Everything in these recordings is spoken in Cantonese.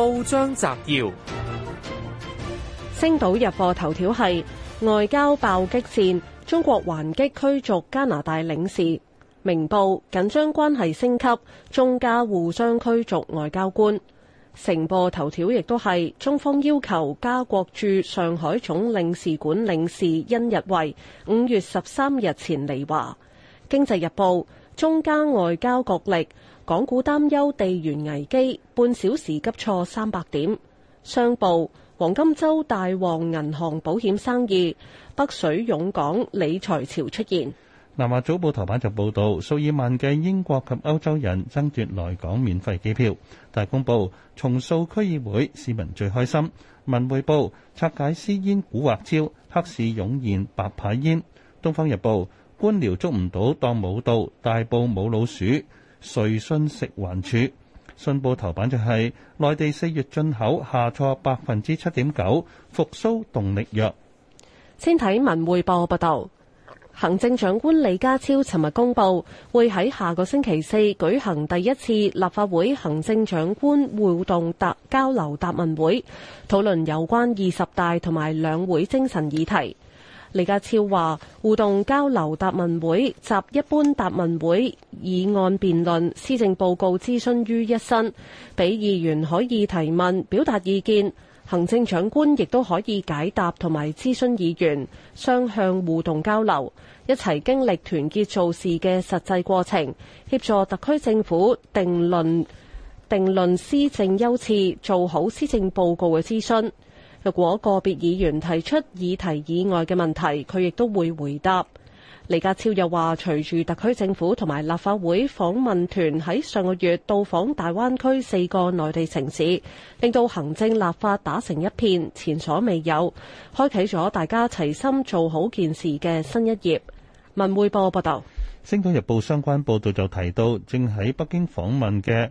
報章摘要：星島日報頭條係外交爆擊戰，中國還擊驅逐加拿大領事。明報，緊張關係升級，中加互相驅逐外交官。成報頭條亦都係中方要求加國駐上海總領事館領事恩日慧五月十三日前離華。經濟日報中加外交角力。港股擔憂地緣危機，半小時急挫三百點。商報：黃金週大旺銀行保險生意北水湧港，理財潮出現。南華早報頭版就報導，數以萬計英國及歐洲人爭奪來港免費機票。大公報：重塑區議會市民最開心。文匯報：拆解私煙古惑招，黑市湧現白牌煙。東方日報：官僚捉唔到當冇到，大埔冇老鼠。瑞信食環署信報頭版就係內地四月進口下挫百分之七點九，復蘇動力弱。先睇文匯報報道，行政長官李家超尋日公布，會喺下個星期四舉行第一次立法會行政長官互動答交流答問會，討論有關二十大同埋兩會精神議題。李家超話：互動交流答問會集一般答問會、議案辯論、施政報告諮詢於一身，俾議員可以提問、表達意見，行政長官亦都可以解答同埋諮詢議員，雙向互動交流，一齊經歷團結做事嘅實際過程，協助特區政府定論定論施政優次，做好施政報告嘅諮詢。若果個別議員提出議題以外嘅問題，佢亦都會回答。李家超又話，隨住特區政府同埋立法會訪問團喺上個月到訪大灣區四個內地城市，令到行政立法打成一片，前所未有，開啟咗大家齊心做好件事嘅新一頁。文匯報報道，《星島日報》相關報導就提到，正喺北京訪問嘅。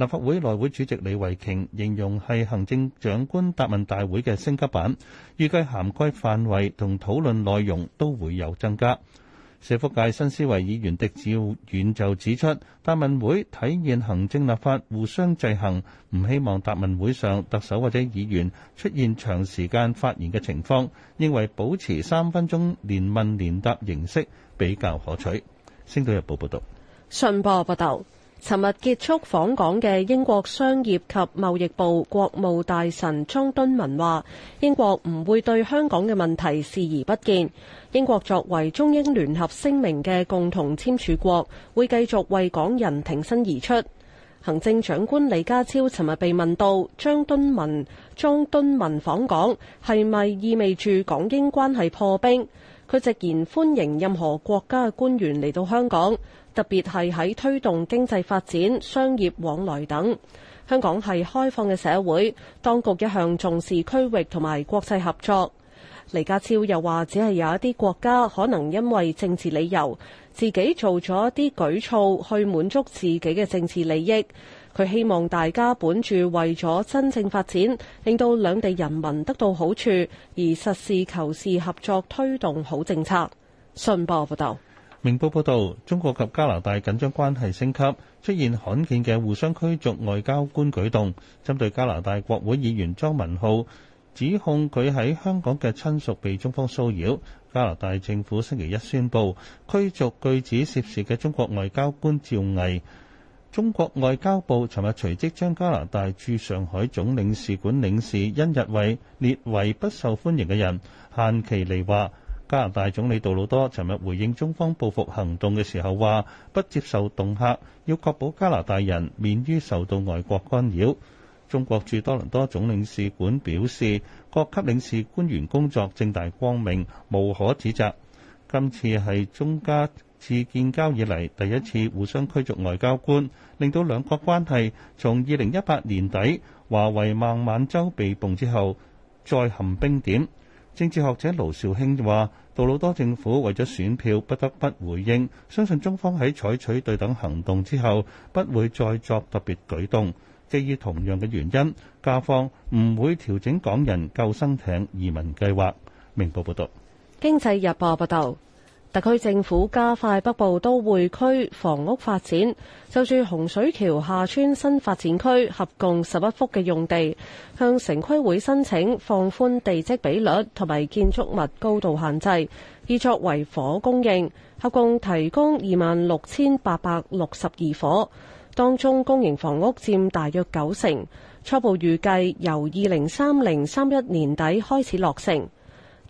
立法會內會主席李慧瓊形容係行政長官答問大會嘅升級版，預計涵蓋範圍同討論內容都會有增加。社福界新思維議員狄志遠就指出，答問會體現行政立法互相制衡，唔希望答問會上特首或者議員出現長時間發言嘅情況，認為保持三分鐘連問連答形式比較可取。星島日報報道。信報報導。尋日結束訪港嘅英國商業及貿易部國務大臣莊敦文話：英國唔會對香港嘅問題視而不見。英國作為中英聯合聲明嘅共同簽署國，會繼續為港人挺身而出。行政長官李家超尋日被問到：莊敦文、莊敦文訪港係咪意味住港英關係破冰？佢直言歡迎任何國家嘅官員嚟到香港。特別係喺推動經濟發展、商業往來等，香港係開放嘅社會，當局一向重視區域同埋國際合作。黎家超又話：只係有一啲國家可能因為政治理由，自己做咗一啲舉措去滿足自己嘅政治利益。佢希望大家本住為咗真正發展，令到兩地人民得到好處，而實事求是合作推動好政策。信報報道。明報報道，中國及加拿大緊張關係升級，出現罕見嘅互相驅逐外交官舉動。針對加拿大國會議員莊文浩指控佢喺香港嘅親屬被中方騷擾，加拿大政府星期一宣布驅逐據指涉事嘅中國外交官趙毅。中國外交部尋日隨即將加拿大駐上海總領事館領事殷日偉列為不受歡迎嘅人，限期離華。加拿大總理杜魯多尋日回應中方報復行動嘅時候，話不接受恫嚇，要確保加拿大人免於受到外國干擾。中國駐多倫多總領事館表示，各級領事官員工作正大光明，無可指責。今次係中加自建交以嚟第一次互相驅逐外交官，令到兩國關係從二零一八年底華為孟晚舟被捕之後再陷冰點。政治學者盧兆興話，杜魯多政府為咗選票，不得不回應，相信中方喺採取對等行動之後，不會再作特別舉動，基於同樣嘅原因，加方唔會調整港人救生艇移民計劃，明報報道，經濟日報報道。特區政府加快北部都會區房屋發展，就住洪水橋下村新發展區合共十一幅嘅用地，向城規會申請放寬地積比率同埋建築物高度限制，以作為火供應，合共提供二萬六千八百六十二伙，當中公營房屋佔大約九成，初步預計由二零三零三一年底開始落成。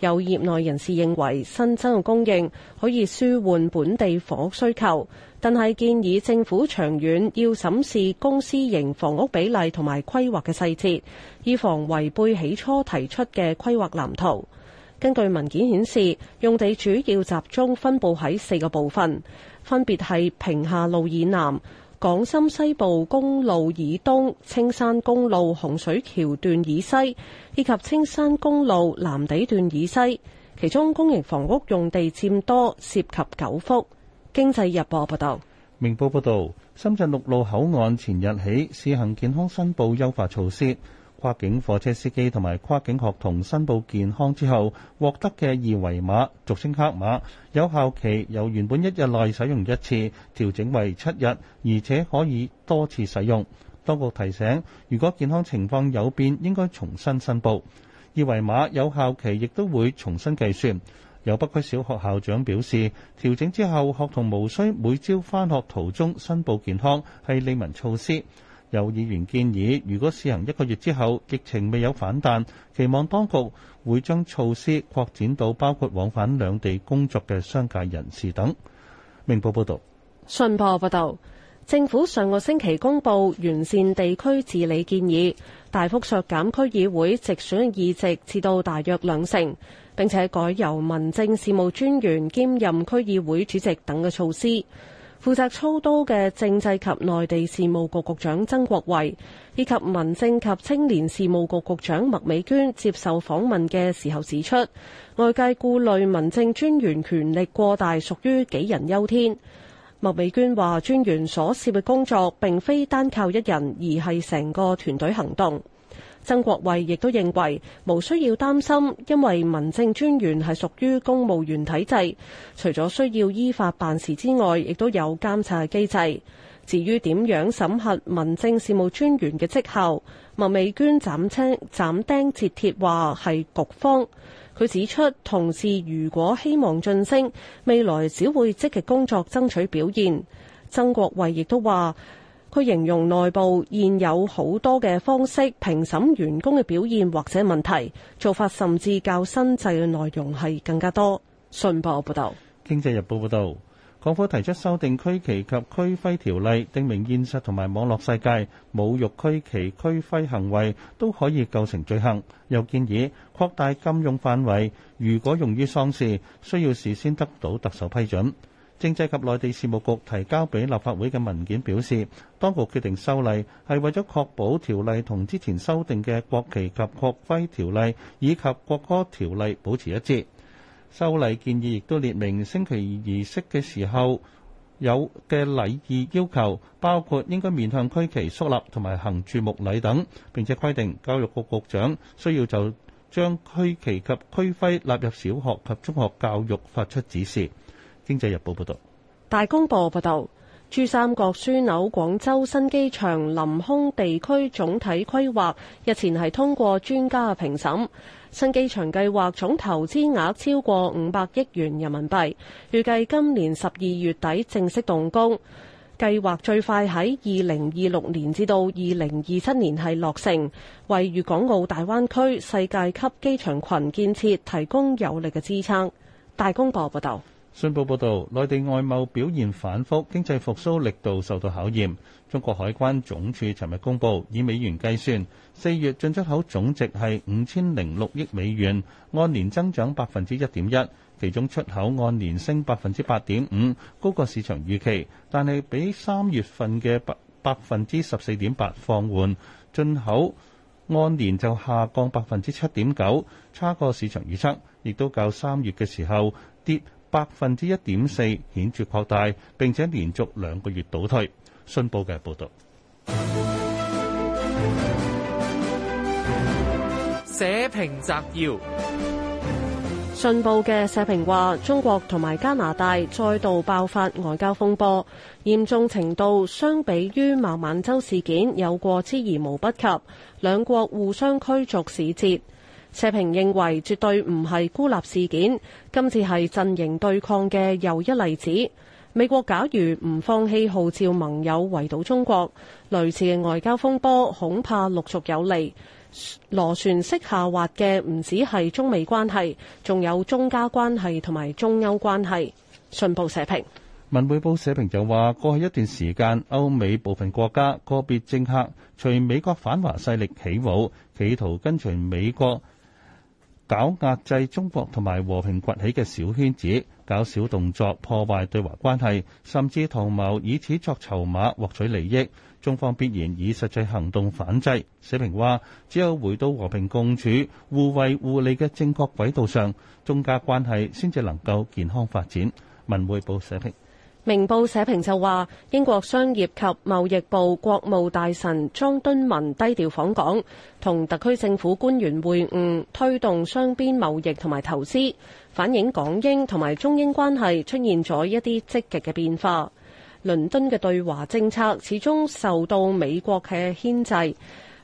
有業內人士認為新增嘅供應可以舒緩本地房屋需求，但係建議政府長遠要審視公私營房屋比例同埋規劃嘅細節，以防違背起初提出嘅規劃藍圖。根據文件顯示，用地主要集中分布喺四個部分，分別係平下路以南、港深西部公路以東、青山公路洪水橋段以西以及青山公路藍地段以西，其中公營房屋用地占多，涉及九幅。經濟日報報道，明報報道，深圳陸路口岸前日起試行健康申報優化措施。跨境貨車司機同埋跨境學童申報健康之後獲得嘅二維碼，俗稱黑碼，有效期由原本一日內使用一次調整為七日，而且可以多次使用。當局提醒，如果健康情況有變，應該重新申報。二維碼有效期亦都會重新計算。有北區小學校長表示，調整之後學童無需每朝返學途中申報健康，係利民措施。有議員建議，如果試行一個月之後，疫情未有反彈，期望當局會將措施擴展到包括往返兩地工作嘅商界人士等。明報報道，信報報道，政府上個星期公布完善地區治理建議，大幅削減區議會直選議席至到大約兩成，並且改由民政事務專員兼任區議會主席等嘅措施。負責操刀嘅政制及內地事務局局長曾國衛，以及民政及青年事務局局長麥美娟接受訪問嘅時候指出，外界顧慮民政專員權力過大屬於杞人憂天。麥美娟話，專員所涉嘅工作並非單靠一人，而係成個團隊行動。曾國衛亦都認為冇需要擔心，因為民政專員係屬於公務員體制，除咗需要依法辦事之外，亦都有監察機制。至於點樣審核民政事務專員嘅績效，麥美娟斬釘斬釘截鐵話係局方。佢指出，同事如果希望晉升，未來只會積極工作爭取表現。曾國衛亦都話。佢形容內部現有好多嘅方式評審員工嘅表現或者問題做法，甚至較新制嘅內容係更加多。信報報道。《經濟日報》報道，港府提出修訂區旗及區徽條例，定明現實同埋網絡世界侮辱區旗區徽行為都可以構成罪行，又建議擴大禁用範圍，如果用於喪事，需要事先得到特首批准。政制及內地事務局提交俾立法會嘅文件表示，當局決定修例係為咗確保條例同之前修訂嘅國旗及國徽條例以及國歌條例保持一致。修例建議亦都列明升旗儀式嘅時候有嘅禮儀要求，包括應該面向區旗肅立同埋行注目禮等。並且規定教育局局長需要就將區旗及區徽納入小學及中學教育發出指示。經濟日報報道大，大公報報道，珠三角樞紐廣州新機場臨空地區總體規劃日前係通過專家評審。新機場計劃總投資額超過五百億元人民幣，預計今年十二月底正式動工，計劃最快喺二零二六年至到二零二七年係落成，為粵港澳大灣區世界級機場群建設提供有力嘅支撐。大公報報道。信報報導，內地外貿表現反覆，經濟復甦力度受到考驗。中國海關總署尋日公佈，以美元計算，四月進出口總值係五千零六億美元，按年增長百分之一點一，其中出口按年升百分之八點五，高過市場預期，但係比三月份嘅百百分之十四點八放緩，進口按年就下降百分之七點九，差過市場預測，亦都較三月嘅時候跌百分之一點四顯著擴大，並且連續兩個月倒退。信報嘅報導，社評摘要。信報嘅社評話：中國同埋加拿大再度爆發外交風波，嚴重程度相比於孟晚舟事件有過之而無不及。兩國互相驅逐使節。社評認為絕對唔係孤立事件，今次係陣營對抗嘅又一例子。美國假如唔放棄號召盟友圍堵中國，類似嘅外交風波恐怕陸續有嚟。螺旋式下滑嘅唔止係中美關係，仲有中加關係同埋中歐關係。信報社評。文匯報社評就話：過去一段時間，歐美部分國家個別政客隨美國反華勢力起舞，企圖跟隨美國。搞壓制中國同埋和平崛起嘅小圈子，搞小動作破壞對華關係，甚至圖謀以此作籌碼獲取利益，中方必然以實際行動反制。社評話：只有回到和平共處、互惠互利嘅正確軌道上，中加關係先至能夠健康發展。文匯報社評。明報社評就話：英國商業及貿易部國務大臣莊敦文低調訪港，同特區政府官員會晤，推動雙邊貿易同埋投資，反映港英同埋中英關係出現咗一啲積極嘅變化。倫敦嘅對華政策始終受到美國嘅牽制，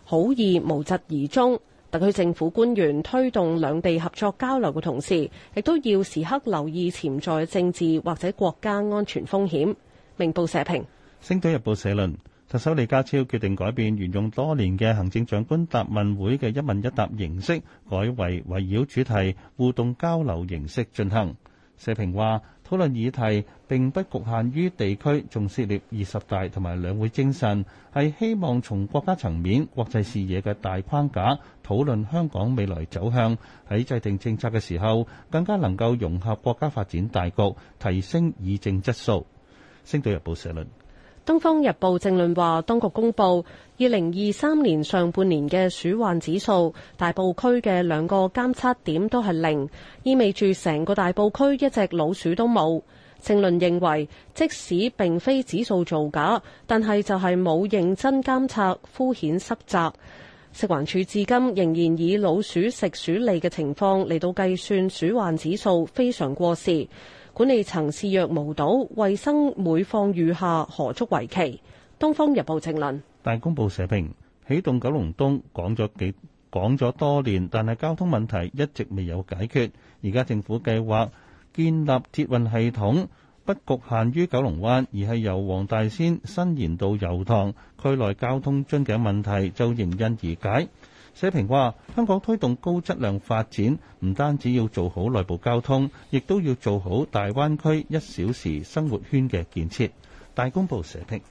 好易無疾而終。特區政府官員推動兩地合作交流嘅同時，亦都要時刻留意潛在政治或者國家安全風險。明報社評。《星島日報》社論，特首李家超決定改變沿用多年嘅行政長官答問會嘅一問一答形式，改為圍繞主題互動交流形式進行。社評話。討論議題並不局限於地區，仲涉獵二十大同埋兩會精神，係希望從國家層面、國際視野嘅大框架討論香港未來走向，喺制定政策嘅時候更加能夠融合國家發展大局，提升議政質素。星島日報社論。《東方日報》政論話，當局公佈二零二三年上半年嘅鼠患指數，大埔區嘅兩個監測點都係零，意味住成個大埔區一隻老鼠都冇。政論認為，即使並非指數造假，但係就係冇認真監測，敷衍塞責。食環署至今仍然以老鼠食鼠利嘅情況嚟到計算鼠患指數，非常過時。管理層視若無睹，衛生每況愈下，何足為奇？東方日報評論。大公報社評起動九龍東，講咗幾講咗多年，但係交通問題一直未有解決。而家政府計劃建立鐵運系統，不局限於九龍灣，而係由黃大仙伸延到油塘，區內交通樽頸問題就迎刃而解。社評話：香港推動高質量發展，唔單止要做好內部交通，亦都要做好大灣區一小時生活圈嘅建設。大公報社評。